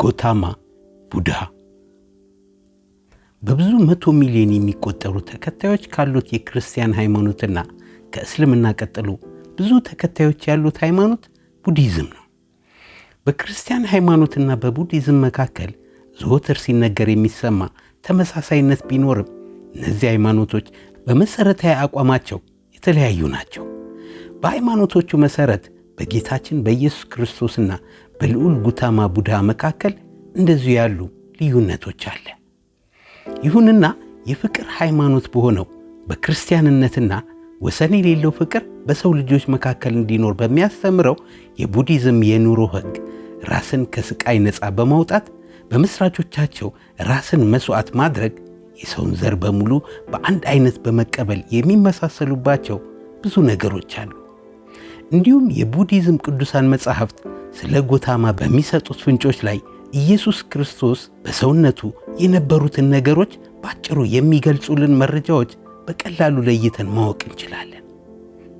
ጎታማ ቡድሃ በብዙ መቶ ሚሊዮን የሚቆጠሩ ተከታዮች ካሉት የክርስቲያን ሃይማኖትና ከእስልምና ቀጥሎ ብዙ ተከታዮች ያሉት ሃይማኖት ቡዲዝም ነው። በክርስቲያን ሃይማኖትና በቡዲዝም መካከል ዘወትር ሲነገር የሚሰማ ተመሳሳይነት ቢኖርም እነዚህ ሃይማኖቶች በመሠረታዊ አቋማቸው የተለያዩ ናቸው። በሃይማኖቶቹ መሠረት በጌታችን በኢየሱስ ክርስቶስና በልዑል ጉታማ ቡድሃ መካከል እንደዚሁ ያሉ ልዩነቶች አለ። ይሁንና የፍቅር ሃይማኖት በሆነው በክርስቲያንነትና ወሰን የሌለው ፍቅር በሰው ልጆች መካከል እንዲኖር በሚያስተምረው የቡዲዝም የኑሮ ሕግ ራስን ከስቃይ ነፃ በማውጣት በመስራቾቻቸው ራስን መስዋዕት ማድረግ የሰውን ዘር በሙሉ በአንድ አይነት በመቀበል የሚመሳሰሉባቸው ብዙ ነገሮች አሉ። እንዲሁም የቡዲዝም ቅዱሳን መጻሕፍት ስለ ጎታማ በሚሰጡት ፍንጮች ላይ ኢየሱስ ክርስቶስ በሰውነቱ የነበሩትን ነገሮች ባጭሩ የሚገልጹልን መረጃዎች በቀላሉ ለይተን ማወቅ እንችላለን።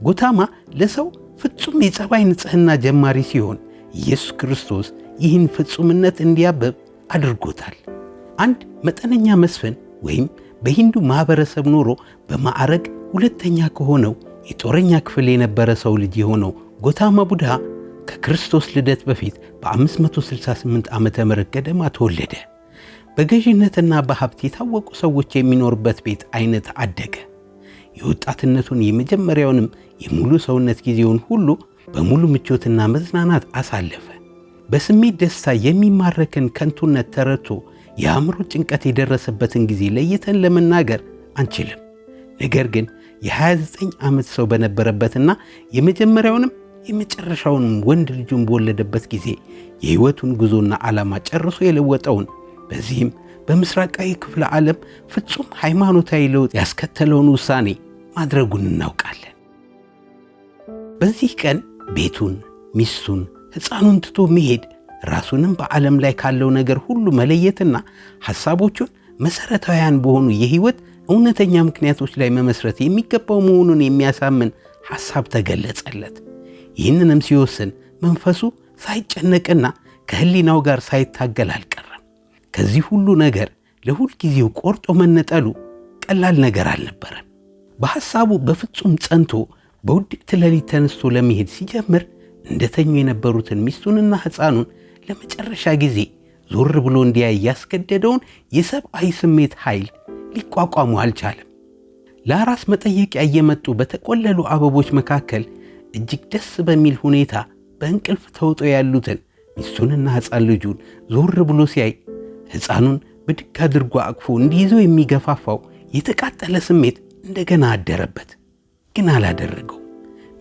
ጎታማ ለሰው ፍጹም የጸባይ ንጽሕና ጀማሪ ሲሆን ኢየሱስ ክርስቶስ ይህን ፍጹምነት እንዲያበብ አድርጎታል። አንድ መጠነኛ መስፍን ወይም በሂንዱ ማኅበረሰብ ኖሮ በማዕረግ ሁለተኛ ከሆነው የጦረኛ ክፍል የነበረ ሰው ልጅ የሆነው ጎታማ ቡድሃ ከክርስቶስ ልደት በፊት በ568 ዓ ም ገደማ ተወለደ። በገዥነትና በሀብት የታወቁ ሰዎች የሚኖርበት ቤት አይነት አደገ። የወጣትነቱን የመጀመሪያውንም የሙሉ ሰውነት ጊዜውን ሁሉ በሙሉ ምቾትና መዝናናት አሳለፈ። በስሜት ደስታ የሚማረክን ከንቱነት ተረቶ የአእምሮ ጭንቀት የደረሰበትን ጊዜ ለይተን ለመናገር አንችልም። ነገር ግን የ29 ዓመት ሰው በነበረበትና የመጀመሪያውንም የመጨረሻውን ወንድ ልጁን በወለደበት ጊዜ የሕይወቱን ጉዞና ዓላማ ጨርሶ የለወጠውን በዚህም በምስራቃዊ ክፍለ ዓለም ፍጹም ሃይማኖታዊ ለውጥ ያስከተለውን ውሳኔ ማድረጉን እናውቃለን። በዚህ ቀን ቤቱን፣ ሚስቱን፣ ሕፃኑን ትቶ መሄድ ራሱንም በዓለም ላይ ካለው ነገር ሁሉ መለየትና ሐሳቦቹን መሠረታውያን በሆኑ የሕይወት እውነተኛ ምክንያቶች ላይ መመስረት የሚገባው መሆኑን የሚያሳምን ሐሳብ ተገለጸለት። ይህንንም ሲወስን መንፈሱ ሳይጨነቅና ከህሊናው ጋር ሳይታገል አልቀረም። ከዚህ ሁሉ ነገር ለሁልጊዜው ቆርጦ መነጠሉ ቀላል ነገር አልነበረም። በሐሳቡ በፍጹም ጸንቶ በውድቅት ሌሊት ተነስቶ ለመሄድ ሲጀምር እንደተኙ የነበሩትን ሚስቱንና ሕፃኑን ለመጨረሻ ጊዜ ዞር ብሎ እንዲያይ ያስገደደውን የሰብአዊ ስሜት ኃይል ሊቋቋሙ አልቻለም። ለአራስ መጠየቂያ እየመጡ በተቆለሉ አበቦች መካከል እጅግ ደስ በሚል ሁኔታ በእንቅልፍ ተውጦ ያሉትን ሚስቱንና ሕፃን ልጁን ዞር ብሎ ሲያይ ሕፃኑን ብድግ አድርጎ አቅፎ እንዲይዘው የሚገፋፋው የተቃጠለ ስሜት እንደገና አደረበት። ግን አላደረገው።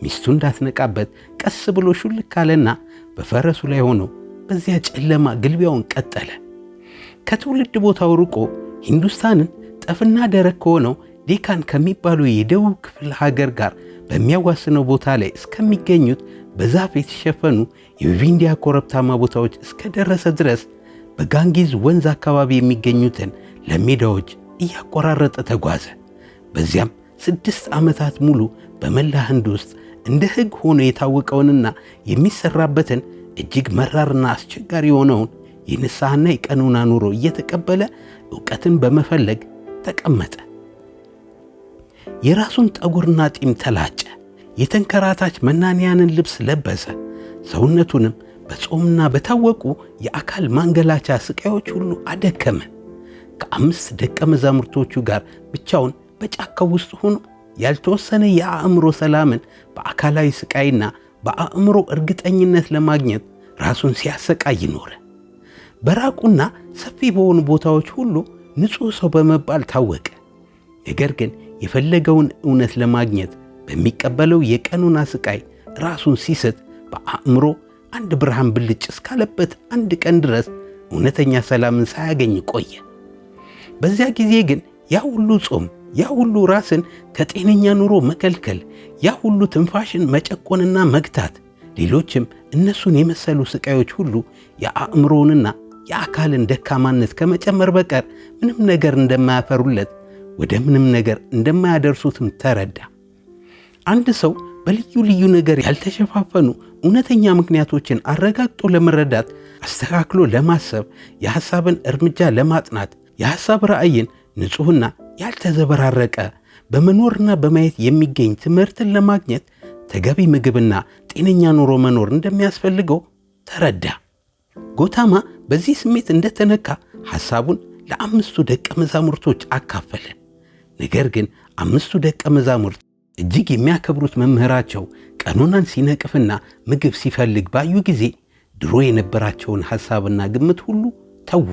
ሚስቱ እንዳትነቃበት ቀስ ብሎ ሹልክ አለና በፈረሱ ላይ ሆኖ በዚያ ጨለማ ግልቢያውን ቀጠለ። ከትውልድ ቦታው ርቆ ሂንዱስታንን ጠፍና ደረቅ ከሆነው ዴካን ከሚባለው የደቡብ ክፍል ሀገር ጋር በሚያዋስነው ቦታ ላይ እስከሚገኙት በዛፍ የተሸፈኑ የቪንዲያ ኮረብታማ ቦታዎች እስከደረሰ ድረስ በጋንጊዝ ወንዝ አካባቢ የሚገኙትን ለሜዳዎች እያቆራረጠ ተጓዘ። በዚያም ስድስት ዓመታት ሙሉ በመላ ህንድ ውስጥ እንደ ሕግ ሆኖ የታወቀውንና የሚሰራበትን እጅግ መራርና አስቸጋሪ የሆነውን የንስሐና የቀኖና ኑሮ እየተቀበለ ዕውቀትን በመፈለግ ተቀመጠ። የራሱን ጠጉርና ጢም ተላጨ። የተንከራታች መናንያንን ልብስ ለበሰ። ሰውነቱንም በጾምና በታወቁ የአካል ማንገላቻ ስቃዮች ሁሉ አደከመ። ከአምስት ደቀ መዛሙርቶቹ ጋር ብቻውን በጫካው ውስጥ ሆኖ ያልተወሰነ የአእምሮ ሰላምን በአካላዊ ስቃይና በአእምሮ እርግጠኝነት ለማግኘት ራሱን ሲያሰቃይ ኖረ። በራቁና ሰፊ በሆኑ ቦታዎች ሁሉ ንጹሕ ሰው በመባል ታወቀ። ነገር ግን የፈለገውን እውነት ለማግኘት በሚቀበለው የቀኑና ስቃይ ራሱን ሲሰጥ በአእምሮ አንድ ብርሃን ብልጭ እስካለበት አንድ ቀን ድረስ እውነተኛ ሰላምን ሳያገኝ ቆየ። በዚያ ጊዜ ግን ያ ሁሉ ጾም፣ ያ ሁሉ ራስን ከጤነኛ ኑሮ መከልከል፣ ያ ሁሉ ትንፋሽን መጨቆንና መግታት፣ ሌሎችም እነሱን የመሰሉ ስቃዮች ሁሉ የአእምሮውንና የአካልን ደካማነት ከመጨመር በቀር ምንም ነገር እንደማያፈሩለት ወደ ምንም ነገር እንደማያደርሱትም ተረዳ። አንድ ሰው በልዩ ልዩ ነገር ያልተሸፋፈኑ እውነተኛ ምክንያቶችን አረጋግጦ ለመረዳት አስተካክሎ ለማሰብ የሐሳብን እርምጃ ለማጥናት የሐሳብ ራዕይን ንጹሕና ያልተዘበራረቀ በመኖርና በማየት የሚገኝ ትምህርትን ለማግኘት ተገቢ ምግብና ጤነኛ ኑሮ መኖር እንደሚያስፈልገው ተረዳ። ጎታማ በዚህ ስሜት እንደተነካ ሐሳቡን ለአምስቱ ደቀ መዛሙርቶች አካፈለ። ነገር ግን አምስቱ ደቀ መዛሙርት እጅግ የሚያከብሩት መምህራቸው ቀኖናን ሲነቅፍና ምግብ ሲፈልግ ባዩ ጊዜ ድሮ የነበራቸውን ሐሳብና ግምት ሁሉ ተዉ።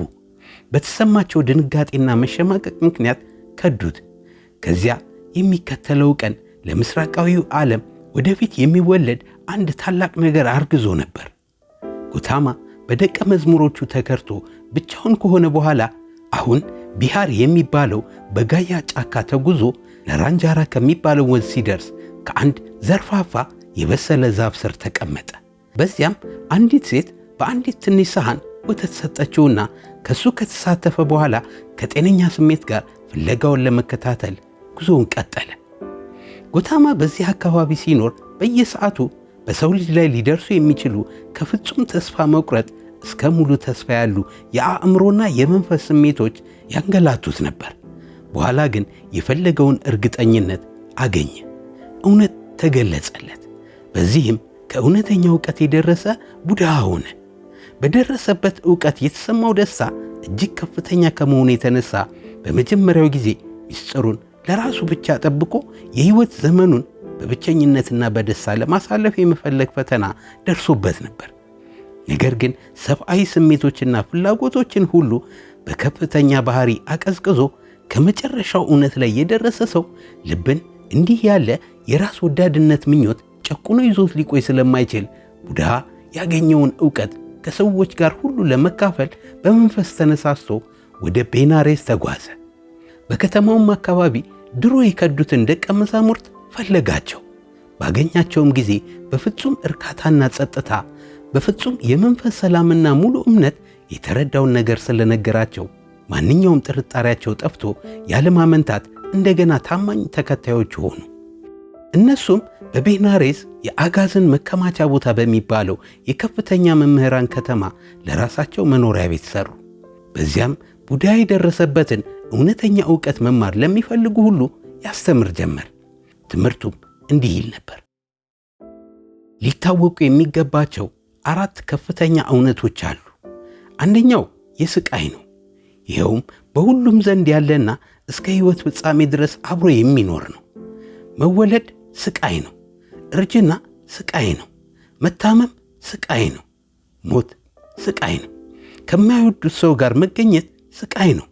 በተሰማቸው ድንጋጤና መሸማቀቅ ምክንያት ከዱት። ከዚያ የሚከተለው ቀን ለምስራቃዊው ዓለም ወደፊት የሚወለድ አንድ ታላቅ ነገር አርግዞ ነበር። ጎታማ በደቀ መዝሙሮቹ ተከርቶ ብቻውን ከሆነ በኋላ አሁን ቢሃር የሚባለው በጋያ ጫካ ተጉዞ ለራንጃራ ከሚባለው ወንዝ ሲደርስ ከአንድ ዘርፋፋ የበሰለ ዛፍ ስር ተቀመጠ። በዚያም አንዲት ሴት በአንዲት ትንሽ ሰሃን ወተት ሰጠችውና ከእሱ ከተሳተፈ በኋላ ከጤነኛ ስሜት ጋር ፍለጋውን ለመከታተል ጉዞውን ቀጠለ። ጎታማ በዚህ አካባቢ ሲኖር በየሰዓቱ በሰው ልጅ ላይ ሊደርሱ የሚችሉ ከፍጹም ተስፋ መቁረጥ እስከ ሙሉ ተስፋ ያሉ የአእምሮና የመንፈስ ስሜቶች ያንገላቱት ነበር። በኋላ ግን የፈለገውን እርግጠኝነት አገኘ። እውነት ተገለጸለት። በዚህም ከእውነተኛ እውቀት የደረሰ ቡድሃ ሆነ። በደረሰበት እውቀት የተሰማው ደስታ እጅግ ከፍተኛ ከመሆኑ የተነሳ በመጀመሪያው ጊዜ ሚስጥሩን ለራሱ ብቻ ጠብቆ የሕይወት ዘመኑን በብቸኝነትና በደስታ ለማሳለፍ የመፈለግ ፈተና ደርሶበት ነበር። ነገር ግን ሰብአዊ ስሜቶችና ፍላጎቶችን ሁሉ በከፍተኛ ባህሪ አቀዝቅዞ ከመጨረሻው እውነት ላይ የደረሰ ሰው ልብን እንዲህ ያለ የራስ ወዳድነት ምኞት ጨቁኖ ይዞት ሊቆይ ስለማይችል ቡድሃ ያገኘውን ዕውቀት ከሰዎች ጋር ሁሉ ለመካፈል በመንፈስ ተነሳስቶ ወደ ቤናሬስ ተጓዘ። በከተማውም አካባቢ ድሮ የከዱትን ደቀ መዛሙርት ፈለጋቸው። ባገኛቸውም ጊዜ በፍጹም እርካታና ጸጥታ በፍጹም የመንፈስ ሰላምና ሙሉ እምነት የተረዳውን ነገር ስለነገራቸው ማንኛውም ጥርጣሬያቸው ጠፍቶ ያለማመንታት እንደገና ታማኝ ተከታዮች ሆኑ። እነሱም በቤናሬስ የአጋዘን መከማቻ ቦታ በሚባለው የከፍተኛ መምህራን ከተማ ለራሳቸው መኖሪያ ቤት ሰሩ። በዚያም ቡዳ የደረሰበትን እውነተኛ ዕውቀት መማር ለሚፈልጉ ሁሉ ያስተምር ጀመር። ትምህርቱም እንዲህ ይል ነበር። ሊታወቁ የሚገባቸው አራት ከፍተኛ እውነቶች አሉ። አንደኛው የስቃይ ነው። ይኸውም በሁሉም ዘንድ ያለና እስከ ሕይወት ፍጻሜ ድረስ አብሮ የሚኖር ነው። መወለድ ስቃይ ነው። እርጅና ስቃይ ነው። መታመም ስቃይ ነው። ሞት ስቃይ ነው። ከማይወዱት ሰው ጋር መገኘት ስቃይ ነው።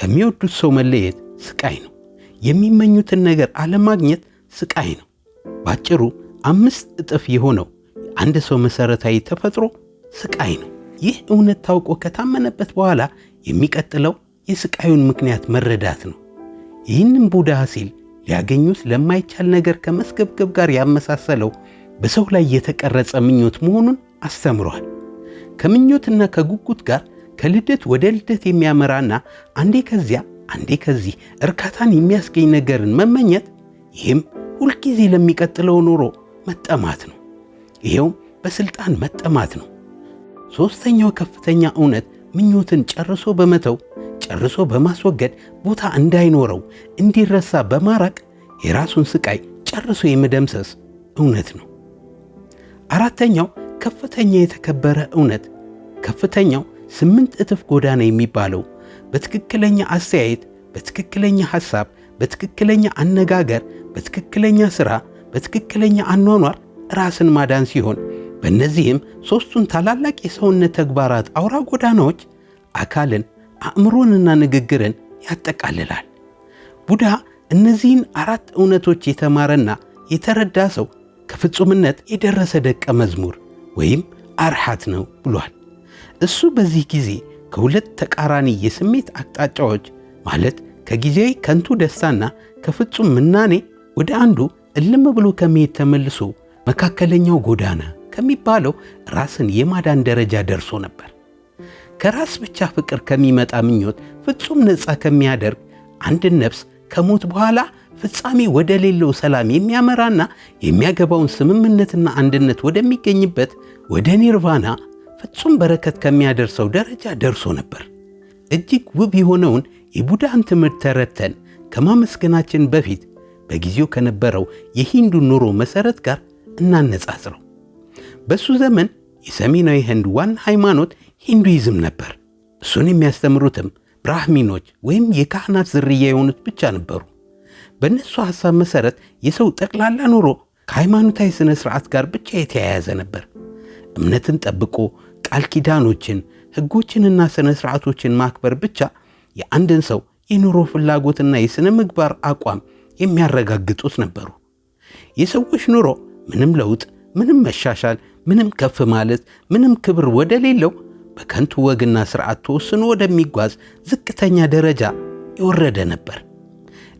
ከሚወዱት ሰው መለየት ስቃይ ነው። የሚመኙትን ነገር አለማግኘት ስቃይ ነው። ባጭሩ አምስት እጥፍ የሆነው አንድ ሰው መሠረታዊ ተፈጥሮ ስቃይ ነው። ይህ እውነት ታውቆ ከታመነበት በኋላ የሚቀጥለው የስቃዩን ምክንያት መረዳት ነው። ይህንም ቡዳ ሲል ሊያገኙት ለማይቻል ነገር ከመስገብገብ ጋር ያመሳሰለው በሰው ላይ የተቀረጸ ምኞት መሆኑን አስተምሯል። ከምኞትና ከጉጉት ጋር ከልደት ወደ ልደት የሚያመራና አንዴ ከዚያ አንዴ ከዚህ እርካታን የሚያስገኝ ነገርን መመኘት፣ ይህም ሁልጊዜ ለሚቀጥለው ኑሮ መጠማት ነው። ይሄውም በስልጣን መጠማት ነው። ሦስተኛው ከፍተኛ እውነት ምኞትን ጨርሶ በመተው ጨርሶ በማስወገድ ቦታ እንዳይኖረው እንዲረሳ በማራቅ የራሱን ስቃይ ጨርሶ የመደምሰስ እውነት ነው። አራተኛው ከፍተኛ የተከበረ እውነት ከፍተኛው ስምንት እጥፍ ጎዳና የሚባለው በትክክለኛ አስተያየት፣ በትክክለኛ ሐሳብ፣ በትክክለኛ አነጋገር፣ በትክክለኛ ሥራ፣ በትክክለኛ አኗኗር ራስን ማዳን ሲሆን በእነዚህም ሦስቱን ታላላቅ የሰውነት ተግባራት አውራ ጎዳናዎች አካልን፣ አእምሮንና ንግግርን ያጠቃልላል። ቡዳ እነዚህን አራት እውነቶች የተማረና የተረዳ ሰው ከፍጹምነት የደረሰ ደቀ መዝሙር ወይም አርሃት ነው ብሏል። እሱ በዚህ ጊዜ ከሁለት ተቃራኒ የስሜት አቅጣጫዎች ማለት ከጊዜያዊ ከንቱ ደስታና ከፍጹም ምናኔ ወደ አንዱ እልም ብሎ ከመሄድ ተመልሶ መካከለኛው ጎዳና ከሚባለው ራስን የማዳን ደረጃ ደርሶ ነበር። ከራስ ብቻ ፍቅር ከሚመጣ ምኞት ፍጹም ነፃ ከሚያደርግ አንድን ነፍስ ከሞት በኋላ ፍጻሜ ወደ ሌለው ሰላም የሚያመራና የሚያገባውን ስምምነትና አንድነት ወደሚገኝበት ወደ ኒርቫና ፍጹም በረከት ከሚያደርሰው ደረጃ ደርሶ ነበር። እጅግ ውብ የሆነውን የቡዳን ትምህርት ተረድተን ከማመስገናችን በፊት በጊዜው ከነበረው የሂንዱ ኑሮ መሠረት ጋር እናነጻጽረው። በእሱ ዘመን የሰሜናዊ ህንድ ዋና ሃይማኖት ሂንዱይዝም ነበር። እሱን የሚያስተምሩትም ብራህሚኖች ወይም የካህናት ዝርያ የሆኑት ብቻ ነበሩ። በእነሱ ሐሳብ መሠረት የሰው ጠቅላላ ኑሮ ከሃይማኖታዊ ሥነ ሥርዓት ጋር ብቻ የተያያዘ ነበር። እምነትን ጠብቆ ቃል ኪዳኖችን፣ ሕጎችንና ሥነ ሥርዓቶችን ማክበር ብቻ የአንድን ሰው የኑሮ ፍላጎትና የሥነ ምግባር አቋም የሚያረጋግጡት ነበሩ። የሰዎች ኑሮ ምንም ለውጥ፣ ምንም መሻሻል፣ ምንም ከፍ ማለት፣ ምንም ክብር ወደ ሌለው በከንቱ ወግና ሥርዓት ተወስኖ ወደሚጓዝ ዝቅተኛ ደረጃ የወረደ ነበር።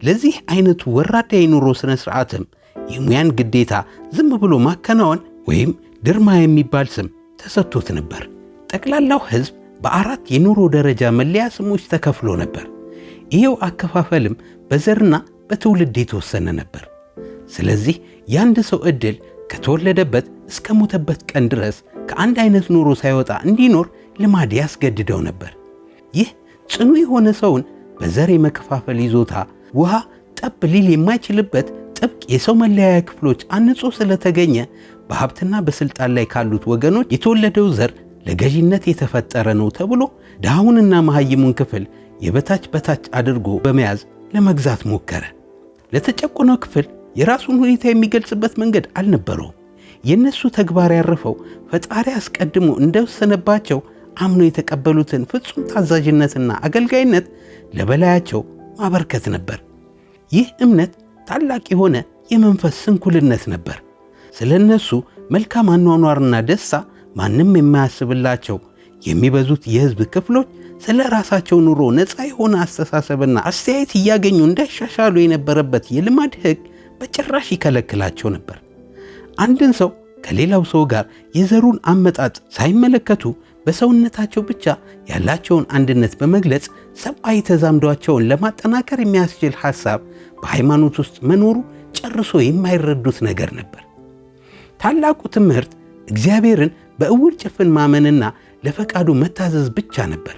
ለዚህ አይነቱ ወራዳ የኑሮ ሥነ ሥርዓትም የሙያን ግዴታ ዝም ብሎ ማከናወን ወይም ድርማ የሚባል ስም ተሰጥቶት ነበር። ጠቅላላው ሕዝብ በአራት የኑሮ ደረጃ መለያ ስሞች ተከፍሎ ነበር። ይኸው አከፋፈልም በዘርና በትውልድ የተወሰነ ነበር። ስለዚህ የአንድ ሰው ዕድል ከተወለደበት እስከ ሞተበት ቀን ድረስ ከአንድ አይነት ኑሮ ሳይወጣ እንዲኖር ልማድ ያስገድደው ነበር። ይህ ጽኑ የሆነ ሰውን በዘር የመከፋፈል ይዞታ ውሃ ጠብ ሊል የማይችልበት ጥብቅ የሰው መለያያ ክፍሎች አንጾ ስለተገኘ በሀብትና በስልጣን ላይ ካሉት ወገኖች የተወለደው ዘር ለገዢነት የተፈጠረ ነው ተብሎ ድሃውንና መሐይሙን ክፍል የበታች በታች አድርጎ በመያዝ ለመግዛት ሞከረ። ለተጨቆነው ክፍል የራሱን ሁኔታ የሚገልጽበት መንገድ አልነበረውም። የእነሱ ተግባር ያረፈው ፈጣሪ አስቀድሞ እንደወሰነባቸው አምኖ የተቀበሉትን ፍጹም ታዛዥነትና አገልጋይነት ለበላያቸው ማበርከት ነበር። ይህ እምነት ታላቅ የሆነ የመንፈስ ስንኩልነት ነበር። ስለ እነሱ መልካም አኗኗርና ደስታ ማንም የማያስብላቸው የሚበዙት የሕዝብ ክፍሎች ስለ ራሳቸው ኑሮ ነፃ የሆነ አስተሳሰብና አስተያየት እያገኙ እንዳይሻሻሉ የነበረበት የልማድ ሕግ በጭራሽ ይከለክላቸው ነበር። አንድን ሰው ከሌላው ሰው ጋር የዘሩን አመጣጥ ሳይመለከቱ በሰውነታቸው ብቻ ያላቸውን አንድነት በመግለጽ ሰብአዊ ተዛምዷቸውን ለማጠናከር የሚያስችል ሐሳብ በሃይማኖት ውስጥ መኖሩ ጨርሶ የማይረዱት ነገር ነበር። ታላቁ ትምህርት እግዚአብሔርን በእውር ጭፍን ማመንና ለፈቃዱ መታዘዝ ብቻ ነበር።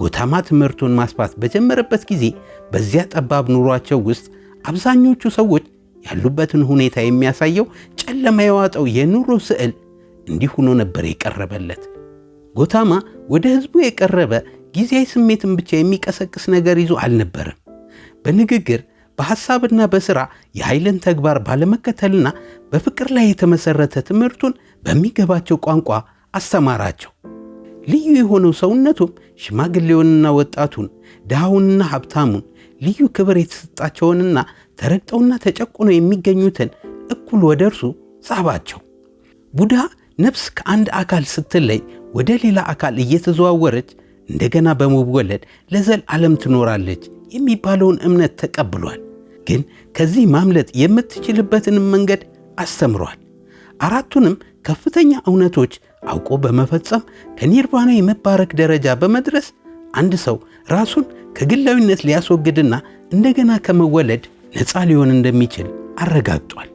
ጎታማ ትምህርቱን ማስፋት በጀመረበት ጊዜ በዚያ ጠባብ ኑሯቸው ውስጥ አብዛኞቹ ሰዎች ያሉበትን ሁኔታ የሚያሳየው ጨለማ የዋጠው የኑሮ ስዕል እንዲህ ሆኖ ነበር የቀረበለት። ጎታማ ወደ ህዝቡ የቀረበ ጊዜያዊ ስሜትን ብቻ የሚቀሰቅስ ነገር ይዞ አልነበረም። በንግግር በሐሳብና በሥራ የኃይልን ተግባር ባለመከተልና በፍቅር ላይ የተመሠረተ ትምህርቱን በሚገባቸው ቋንቋ አስተማራቸው። ልዩ የሆነው ሰውነቱም ሽማግሌውንና ወጣቱን ድሃውንና ሀብታሙን ልዩ ክብር የተሰጣቸውንና ተረግጠውና ተጨቁነው የሚገኙትን እኩል ወደ እርሱ ሳባቸው። ቡዳ ነፍስ ከአንድ አካል ስትለይ ወደ ሌላ አካል እየተዘዋወረች እንደገና በመወለድ ዓለም ትኖራለች የሚባለውን እምነት ተቀብሏል። ግን ከዚህ ማምለጥ የምትችልበትንም መንገድ አስተምሯል። አራቱንም ከፍተኛ እውነቶች አውቆ በመፈጸም ከኒርባና የመባረክ ደረጃ በመድረስ አንድ ሰው ራሱን ከግላዊነት ሊያስወግድና እንደገና ከመወለድ ነፃ ሊሆን እንደሚችል አረጋግጧል።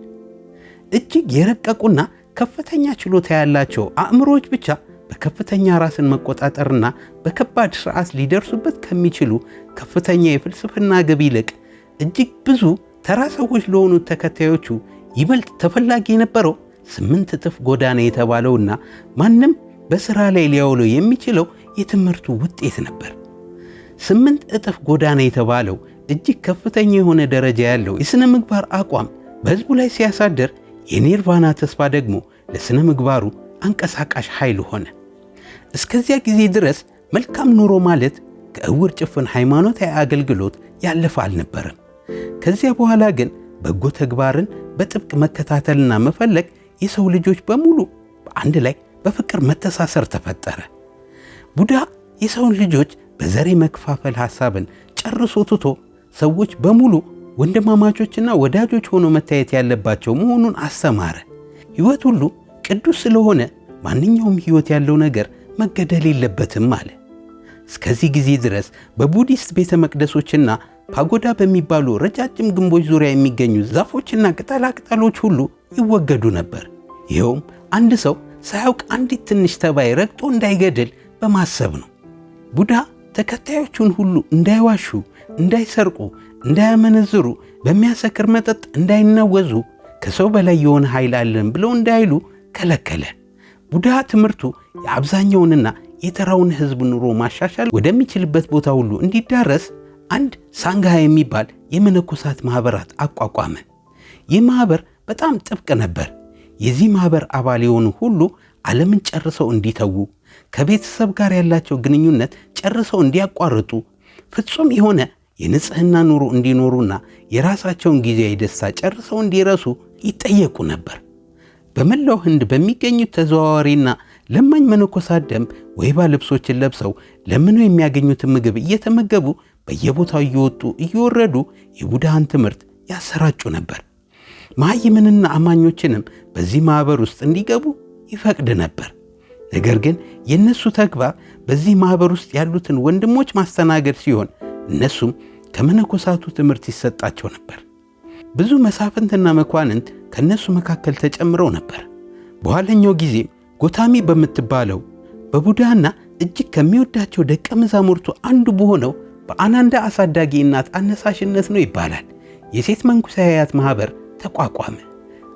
እጅግ የረቀቁና ከፍተኛ ችሎታ ያላቸው አእምሮዎች ብቻ በከፍተኛ ራስን መቆጣጠርና በከባድ ስርዓት ሊደርሱበት ከሚችሉ ከፍተኛ የፍልስፍና ግብ ይልቅ እጅግ ብዙ ተራ ሰዎች ለሆኑት ተከታዮቹ ይበልጥ ተፈላጊ የነበረው ስምንት እጥፍ ጎዳና የተባለውና ማንም በሥራ ላይ ሊያውለው የሚችለው የትምህርቱ ውጤት ነበር። ስምንት እጥፍ ጎዳና የተባለው እጅግ ከፍተኛ የሆነ ደረጃ ያለው የሥነ ምግባር አቋም በሕዝቡ ላይ ሲያሳደር የኒርቫና ተስፋ ደግሞ ለሥነ ምግባሩ አንቀሳቃሽ ኃይል ሆነ። እስከዚያ ጊዜ ድረስ መልካም ኑሮ ማለት ከእውር ጭፍን ሃይማኖታዊ አገልግሎት ያለፈ አልነበረም። ከዚያ በኋላ ግን በጎ ተግባርን በጥብቅ መከታተልና መፈለግ የሰው ልጆች በሙሉ በአንድ ላይ በፍቅር መተሳሰር ተፈጠረ። ቡዳ የሰውን ልጆች በዘሬ መከፋፈል ሐሳብን ጨርሶ ትቶ ሰዎች በሙሉ ወንድማማቾችና ወዳጆች ሆኖ መታየት ያለባቸው መሆኑን አስተማረ። ሕይወት ሁሉ ቅዱስ ስለሆነ ማንኛውም ሕይወት ያለው ነገር መገደል የለበትም አለ። እስከዚህ ጊዜ ድረስ በቡዲስት ቤተ መቅደሶችና ፓጎዳ በሚባሉ ረጃጅም ግንቦች ዙሪያ የሚገኙ ዛፎችና ቅጠላቅጠሎች ሁሉ ይወገዱ ነበር። ይኸውም አንድ ሰው ሳያውቅ አንዲት ትንሽ ተባይ ረግጦ እንዳይገድል በማሰብ ነው። ቡድሃ ተከታዮቹን ሁሉ እንዳይዋሹ፣ እንዳይሰርቁ፣ እንዳያመነዝሩ፣ በሚያሰክር መጠጥ እንዳይናወዙ፣ ከሰው በላይ የሆነ ኃይል አለን ብለው እንዳይሉ ከለከለ። ቡድሃ ትምህርቱ የአብዛኛውንና የተራውን ሕዝብ ኑሮ ማሻሻል ወደሚችልበት ቦታ ሁሉ እንዲዳረስ አንድ ሳንግሃ የሚባል የመነኮሳት ማኅበራት አቋቋመ። ይህ ማኅበር በጣም ጥብቅ ነበር። የዚህ ማኅበር አባል የሆኑ ሁሉ ዓለምን ጨርሰው እንዲተዉ፣ ከቤተሰብ ጋር ያላቸው ግንኙነት ጨርሰው እንዲያቋርጡ ፍጹም የሆነ የንጽህና ኑሮ እንዲኖሩና የራሳቸውን ጊዜያዊ ደስታ ጨርሰው እንዲረሱ ይጠየቁ ነበር። በመላው ህንድ በሚገኙት ተዘዋዋሪና ለማኝ መነኮሳት ደንብ ወይባ ልብሶችን ለብሰው ለምነው የሚያገኙትን ምግብ እየተመገቡ በየቦታው እየወጡ እየወረዱ የቡድሃን ትምህርት ያሰራጩ ነበር። መሀይምንና አማኞችንም በዚህ ማኅበር ውስጥ እንዲገቡ ይፈቅድ ነበር። ነገር ግን የእነሱ ተግባር በዚህ ማኅበር ውስጥ ያሉትን ወንድሞች ማስተናገድ ሲሆን እነሱም ከመነኮሳቱ ትምህርት ይሰጣቸው ነበር። ብዙ መሳፍንትና መኳንንት ከእነሱ መካከል ተጨምረው ነበር። በኋለኛው ጊዜ ጎታሚ በምትባለው በቡዳና እጅግ ከሚወዳቸው ደቀ መዛሙርቱ አንዱ በሆነው በአናንዳ አሳዳጊ እናት አነሳሽነት ነው ይባላል የሴት መንኩሳያት ማኅበር ተቋቋመ።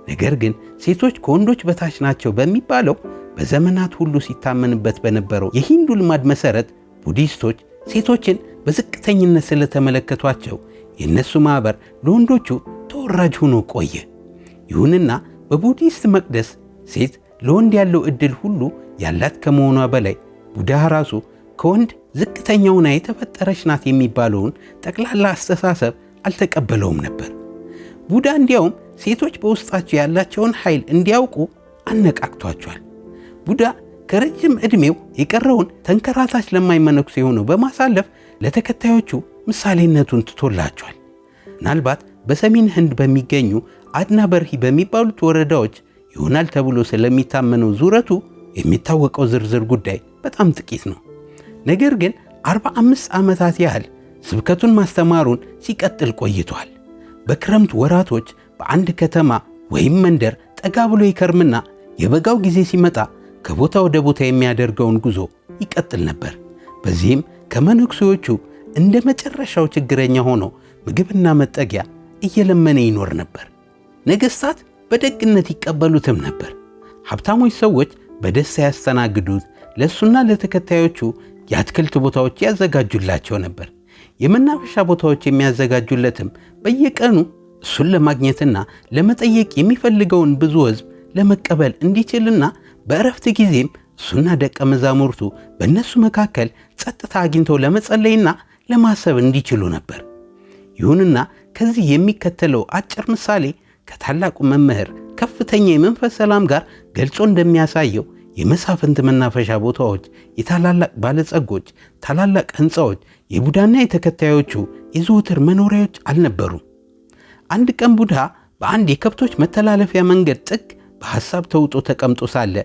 ነገር ግን ሴቶች ከወንዶች በታች ናቸው በሚባለው በዘመናት ሁሉ ሲታመንበት በነበረው የሂንዱ ልማድ መሠረት ቡዲስቶች ሴቶችን በዝቅተኝነት ስለተመለከቷቸው የእነሱ ማኅበር ለወንዶቹ ተወራጅ ሆኖ ቆየ። ይሁንና በቡዲስት መቅደስ ሴት ለወንድ ያለው ዕድል ሁሉ ያላት ከመሆኗ በላይ ቡድሃ ራሱ ከወንድ ዝቅተኛውና የተፈጠረች ናት የሚባለውን ጠቅላላ አስተሳሰብ አልተቀበለውም ነበር። ቡዳ እንዲያውም ሴቶች በውስጣቸው ያላቸውን ኃይል እንዲያውቁ አነቃቅቷቸዋል። ቡዳ ከረጅም ዕድሜው የቀረውን ተንከራታች ለማይመነኩስ የሆነው በማሳለፍ ለተከታዮቹ ምሳሌነቱን ትቶላቸዋል። ምናልባት በሰሜን ህንድ በሚገኙ አድና በርሂ በሚባሉት ወረዳዎች ይሆናል ተብሎ ስለሚታመነው ዙረቱ የሚታወቀው ዝርዝር ጉዳይ በጣም ጥቂት ነው። ነገር ግን 45 ዓመታት ያህል ስብከቱን ማስተማሩን ሲቀጥል ቆይቷል። በክረምት ወራቶች በአንድ ከተማ ወይም መንደር ጠጋ ብሎ ይከርምና የበጋው ጊዜ ሲመጣ ከቦታ ወደ ቦታ የሚያደርገውን ጉዞ ይቀጥል ነበር። በዚህም ከመነኩሴዎቹ እንደ መጨረሻው ችግረኛ ሆኖ ምግብና መጠጊያ እየለመነ ይኖር ነበር። ነገሥታት በደግነት ይቀበሉትም ነበር። ሀብታሞች ሰዎች በደስታ ያስተናግዱት፣ ለእሱና ለተከታዮቹ የአትክልት ቦታዎች ያዘጋጁላቸው ነበር። የመናፈሻ ቦታዎች የሚያዘጋጁለትም በየቀኑ እሱን ለማግኘትና ለመጠየቅ የሚፈልገውን ብዙ ሕዝብ ለመቀበል እንዲችልና በእረፍት ጊዜም እሱና ደቀ መዛሙርቱ በእነሱ መካከል ጸጥታ አግኝተው ለመጸለይና ለማሰብ እንዲችሉ ነበር። ይሁንና ከዚህ የሚከተለው አጭር ምሳሌ ከታላቁ መምህር ከፍተኛ የመንፈስ ሰላም ጋር ገልጾ እንደሚያሳየው የመሳፍንት መናፈሻ ቦታዎች፣ የታላላቅ ባለጸጎች ታላላቅ ሕንፃዎች የቡዳና የተከታዮቹ የዘወትር መኖሪያዎች አልነበሩም። አንድ ቀን ቡድሃ በአንድ የከብቶች መተላለፊያ መንገድ ጥግ በሐሳብ ተውጦ ተቀምጦ ሳለ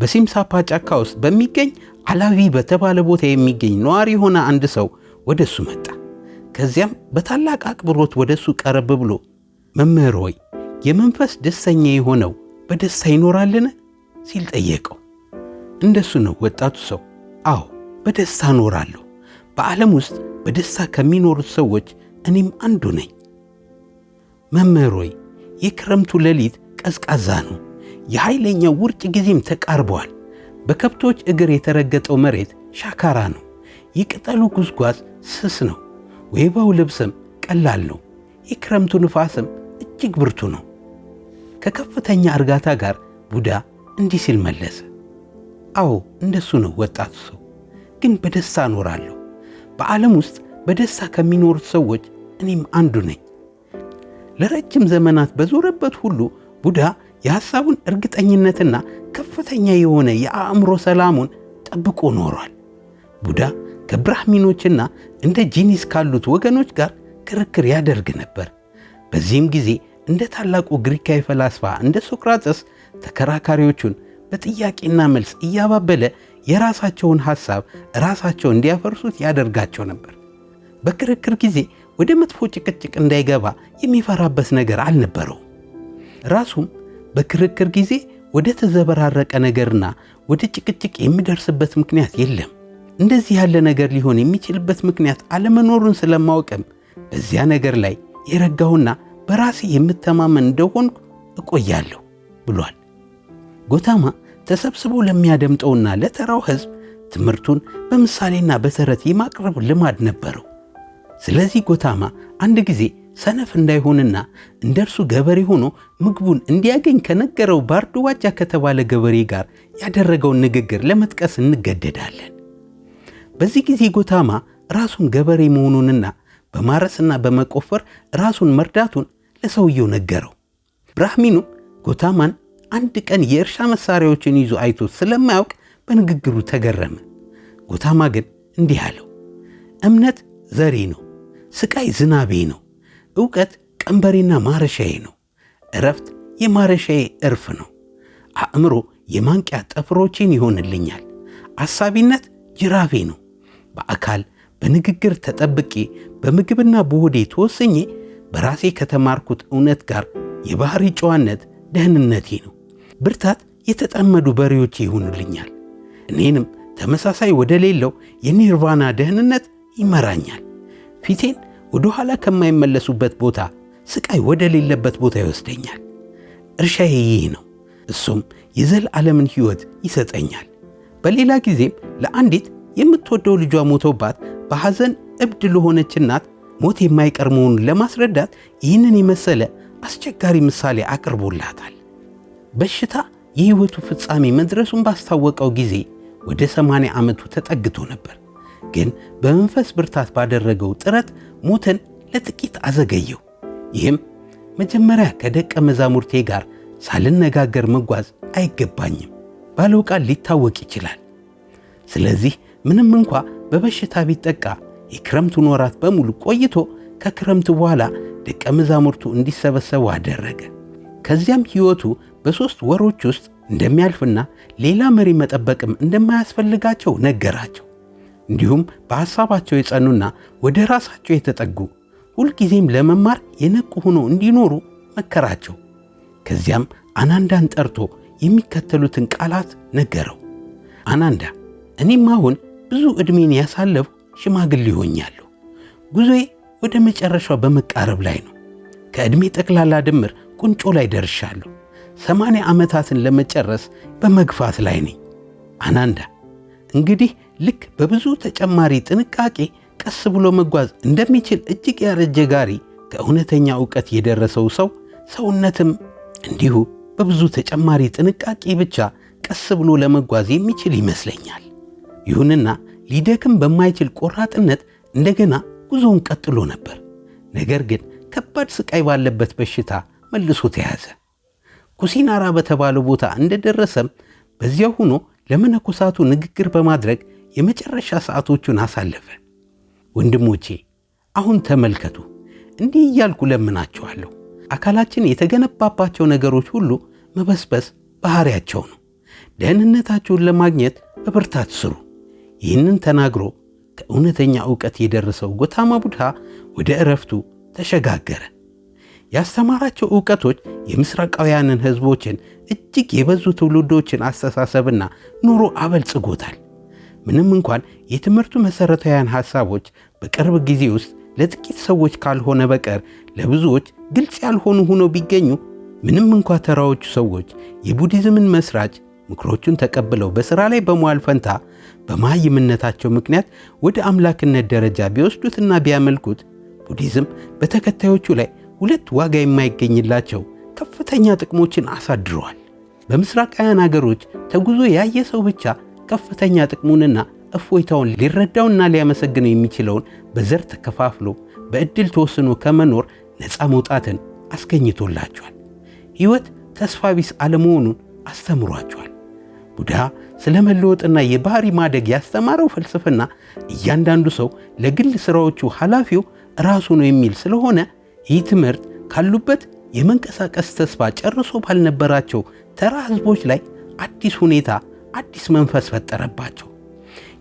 በሲምሳፓ ጫካ ውስጥ በሚገኝ አላዊ በተባለ ቦታ የሚገኝ ነዋሪ የሆነ አንድ ሰው ወደ እሱ መጣ። ከዚያም በታላቅ አክብሮት ወደ እሱ ቀረብ ብሎ መምህር ሆይ የመንፈስ ደስተኛ የሆነው በደስታ ይኖራልን? ሲል ጠየቀው። እንደሱ ነው ወጣቱ ሰው። አዎ በደስታ ኖራለሁ። በዓለም ውስጥ በደስታ ከሚኖሩት ሰዎች እኔም አንዱ ነኝ መምህር ሆይ የክረምቱ ሌሊት ቀዝቃዛ ነው። የኃይለኛው ውርጭ ጊዜም ተቃርቧል። በከብቶች እግር የተረገጠው መሬት ሻካራ ነው። የቅጠሉ ጉዝጓዝ ስስ ነው። ወይባው ልብስም ቀላል ነው። የክረምቱ ንፋስም እጅግ ብርቱ ነው። ከከፍተኛ እርጋታ ጋር ቡዳ እንዲህ ሲል መለሰ። አዎ እንደሱ ነው ወጣቱ ሰው። ግን በደስታ እኖራለሁ። በዓለም ውስጥ በደስታ ከሚኖሩት ሰዎች እኔም አንዱ ነኝ። ለረጅም ዘመናት በዞረበት ሁሉ ቡዳ የሐሳቡን እርግጠኝነትና ከፍተኛ የሆነ የአእምሮ ሰላሙን ጠብቆ ኖሯል። ቡዳ ከብራህሚኖችና እንደ ጂኒስ ካሉት ወገኖች ጋር ክርክር ያደርግ ነበር። በዚህም ጊዜ እንደ ታላቁ ግሪካዊ ፈላስፋ እንደ ሶክራተስ ተከራካሪዎቹን በጥያቄና መልስ እያባበለ የራሳቸውን ሐሳብ ራሳቸው እንዲያፈርሱት ያደርጋቸው ነበር። በክርክር ጊዜ ወደ መጥፎ ጭቅጭቅ እንዳይገባ የሚፈራበት ነገር አልነበረውም። ራሱም በክርክር ጊዜ ወደ ተዘበራረቀ ነገርና ወደ ጭቅጭቅ የሚደርስበት ምክንያት የለም። እንደዚህ ያለ ነገር ሊሆን የሚችልበት ምክንያት አለመኖሩን ስለማወቅም በዚያ ነገር ላይ የረጋሁና በራሴ የምተማመን እንደሆንኩ እቆያለሁ ብሏል። ጎታማ ተሰብስቦ ለሚያደምጠውና ለተራው ሕዝብ ትምህርቱን በምሳሌና በተረት የማቅረብ ልማድ ነበረው። ስለዚህ ጎታማ አንድ ጊዜ ሰነፍ እንዳይሆንና እንደ እርሱ ገበሬ ሆኖ ምግቡን እንዲያገኝ ከነገረው ባርዶዋጃ ከተባለ ገበሬ ጋር ያደረገውን ንግግር ለመጥቀስ እንገደዳለን። በዚህ ጊዜ ጎታማ ራሱን ገበሬ መሆኑንና በማረስና በመቆፈር ራሱን መርዳቱን ለሰውየው ነገረው። ብራህሚኑ ጎታማን አንድ ቀን የእርሻ መሳሪያዎችን ይዞ አይቶ ስለማያውቅ በንግግሩ ተገረመ። ጎታማ ግን እንዲህ አለው፣ እምነት ዘሪ ነው ስቃይ ዝናቤ ነው። እውቀት ቀንበሬና ማረሻዬ ነው። እረፍት የማረሻዬ እርፍ ነው። አእምሮ የማንቂያ ጠፍሮቼን ይሆንልኛል። አሳቢነት ጅራፌ ነው። በአካል በንግግር ተጠብቄ በምግብና በሆዴ ተወሰኜ በራሴ ከተማርኩት እውነት ጋር የባህሪ ጨዋነት ደህንነቴ ነው። ብርታት የተጠመዱ በሬዎቼ ይሆኑልኛል። እኔንም ተመሳሳይ ወደ ሌለው የኒርቫና ደህንነት ይመራኛል። ፊቴን ወደ ኋላ ከማይመለሱበት ቦታ፣ ስቃይ ወደሌለበት ቦታ ይወስደኛል። እርሻዬ ይህ ነው፣ እሱም የዘላለምን ሕይወት ይሰጠኛል። በሌላ ጊዜም ለአንዲት የምትወደው ልጇ ሞቶባት በሐዘን እብድ ለሆነች እናት ሞት የማይቀር መሆኑን ለማስረዳት ይህንን የመሰለ አስቸጋሪ ምሳሌ አቅርቦላታል። በሽታ የሕይወቱ ፍጻሜ መድረሱን ባስታወቀው ጊዜ ወደ ሰማንያ ዓመቱ ተጠግቶ ነበር። ግን በመንፈስ ብርታት ባደረገው ጥረት ሞትን ለጥቂት አዘገየው። ይህም መጀመሪያ ከደቀ መዛሙርቴ ጋር ሳልነጋገር መጓዝ አይገባኝም ባለው ቃል ሊታወቅ ይችላል። ስለዚህ ምንም እንኳ በበሽታ ቢጠቃ የክረምቱን ወራት በሙሉ ቆይቶ ከክረምቱ በኋላ ደቀ መዛሙርቱ እንዲሰበሰቡ አደረገ። ከዚያም ሕይወቱ በሦስት ወሮች ውስጥ እንደሚያልፍና ሌላ መሪ መጠበቅም እንደማያስፈልጋቸው ነገራቸው። እንዲሁም በሐሳባቸው የጸኑና ወደ ራሳቸው የተጠጉ ሁልጊዜም ለመማር የነቁ ሆኖ እንዲኖሩ መከራቸው። ከዚያም አናንዳን ጠርቶ የሚከተሉትን ቃላት ነገረው። አናንዳ እኔም አሁን ብዙ ዕድሜን ያሳለፉ ሽማግሌ ሆኛለሁ። ጉዞዬ ወደ መጨረሻው በመቃረብ ላይ ነው። ከዕድሜ ጠቅላላ ድምር ቁንጮ ላይ ደርሻለሁ። ሰማንያ ዓመታትን ለመጨረስ በመግፋት ላይ ነኝ። አናንዳ እንግዲህ ልክ በብዙ ተጨማሪ ጥንቃቄ ቀስ ብሎ መጓዝ እንደሚችል እጅግ ያረጀ ጋሪ ከእውነተኛ እውቀት የደረሰው ሰው ሰውነትም እንዲሁ በብዙ ተጨማሪ ጥንቃቄ ብቻ ቀስ ብሎ ለመጓዝ የሚችል ይመስለኛል። ይሁንና ሊደክም በማይችል ቆራጥነት እንደገና ጉዞውን ቀጥሎ ነበር። ነገር ግን ከባድ ስቃይ ባለበት በሽታ መልሶ ተያዘ። ኩሲናራ በተባለው ቦታ እንደደረሰም በዚያው ሆኖ ለመነኮሳቱ ንግግር በማድረግ የመጨረሻ ሰዓቶቹን አሳለፈ። ወንድሞቼ አሁን ተመልከቱ፣ እንዲህ እያልኩ ለምናችኋለሁ። አካላችን የተገነባባቸው ነገሮች ሁሉ መበስበስ ባህሪያቸው ነው። ደህንነታችሁን ለማግኘት በብርታት ስሩ። ይህንን ተናግሮ ከእውነተኛ ዕውቀት የደረሰው ጎታማ ቡድሃ ወደ ዕረፍቱ ተሸጋገረ። ያስተማራቸው እውቀቶች የምስራቃውያንን ህዝቦችን እጅግ የበዙ ትውልዶችን አስተሳሰብና ኑሮ አበልጽጎታል። ምንም እንኳን የትምህርቱ መሠረታውያን ሐሳቦች በቅርብ ጊዜ ውስጥ ለጥቂት ሰዎች ካልሆነ በቀር ለብዙዎች ግልጽ ያልሆኑ ሆነው ቢገኙ፣ ምንም እንኳ ተራዎቹ ሰዎች የቡዲዝምን መስራች ምክሮቹን ተቀብለው በሥራ ላይ በመዋል ፈንታ በማይምነታቸው ምክንያት ወደ አምላክነት ደረጃ ቢወስዱትና ቢያመልኩት ቡዲዝም በተከታዮቹ ላይ ሁለት ዋጋ የማይገኝላቸው ከፍተኛ ጥቅሞችን አሳድረዋል። በምስራቃውያን አገሮች ተጉዞ ያየ ሰው ብቻ ከፍተኛ ጥቅሙንና እፎይታውን ሊረዳውና ሊያመሰግነው የሚችለውን በዘር ተከፋፍሎ በዕድል ተወስኖ ከመኖር ነፃ መውጣትን አስገኝቶላቸዋል። ሕይወት ተስፋ ቢስ አለመሆኑን አስተምሯቸዋል። ቡድሃ ስለ መለወጥና የባህሪ ማደግ ያስተማረው ፍልስፍና እያንዳንዱ ሰው ለግል ሥራዎቹ ኃላፊው ራሱ ነው የሚል ስለሆነ ይህ ትምህርት ካሉበት የመንቀሳቀስ ተስፋ ጨርሶ ባልነበራቸው ተራ ህዝቦች ላይ አዲስ ሁኔታ፣ አዲስ መንፈስ ፈጠረባቸው።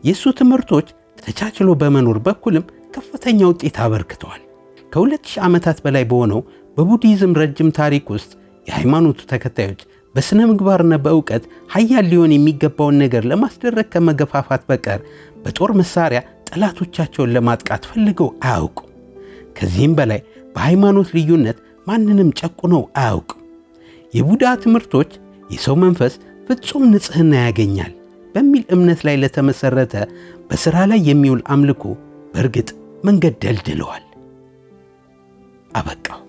የእሱ ትምህርቶች ተቻችሎ በመኖር በኩልም ከፍተኛ ውጤት አበርክተዋል። ከ2000 ዓመታት በላይ በሆነው በቡዲዝም ረጅም ታሪክ ውስጥ የሃይማኖቱ ተከታዮች በሥነ ምግባርና በእውቀት ሀያል ሊሆን የሚገባውን ነገር ለማስደረግ ከመገፋፋት በቀር በጦር መሳሪያ ጠላቶቻቸውን ለማጥቃት ፈልገው አያውቁም። ከዚህም በላይ በሃይማኖት ልዩነት ማንንም ጨቁነው አያውቅም። የቡዳ ትምህርቶች የሰው መንፈስ ፍጹም ንጽሕና ያገኛል በሚል እምነት ላይ ለተመሠረተ በሥራ ላይ የሚውል አምልኮ በእርግጥ መንገድ ደልድለዋል። አበቃው።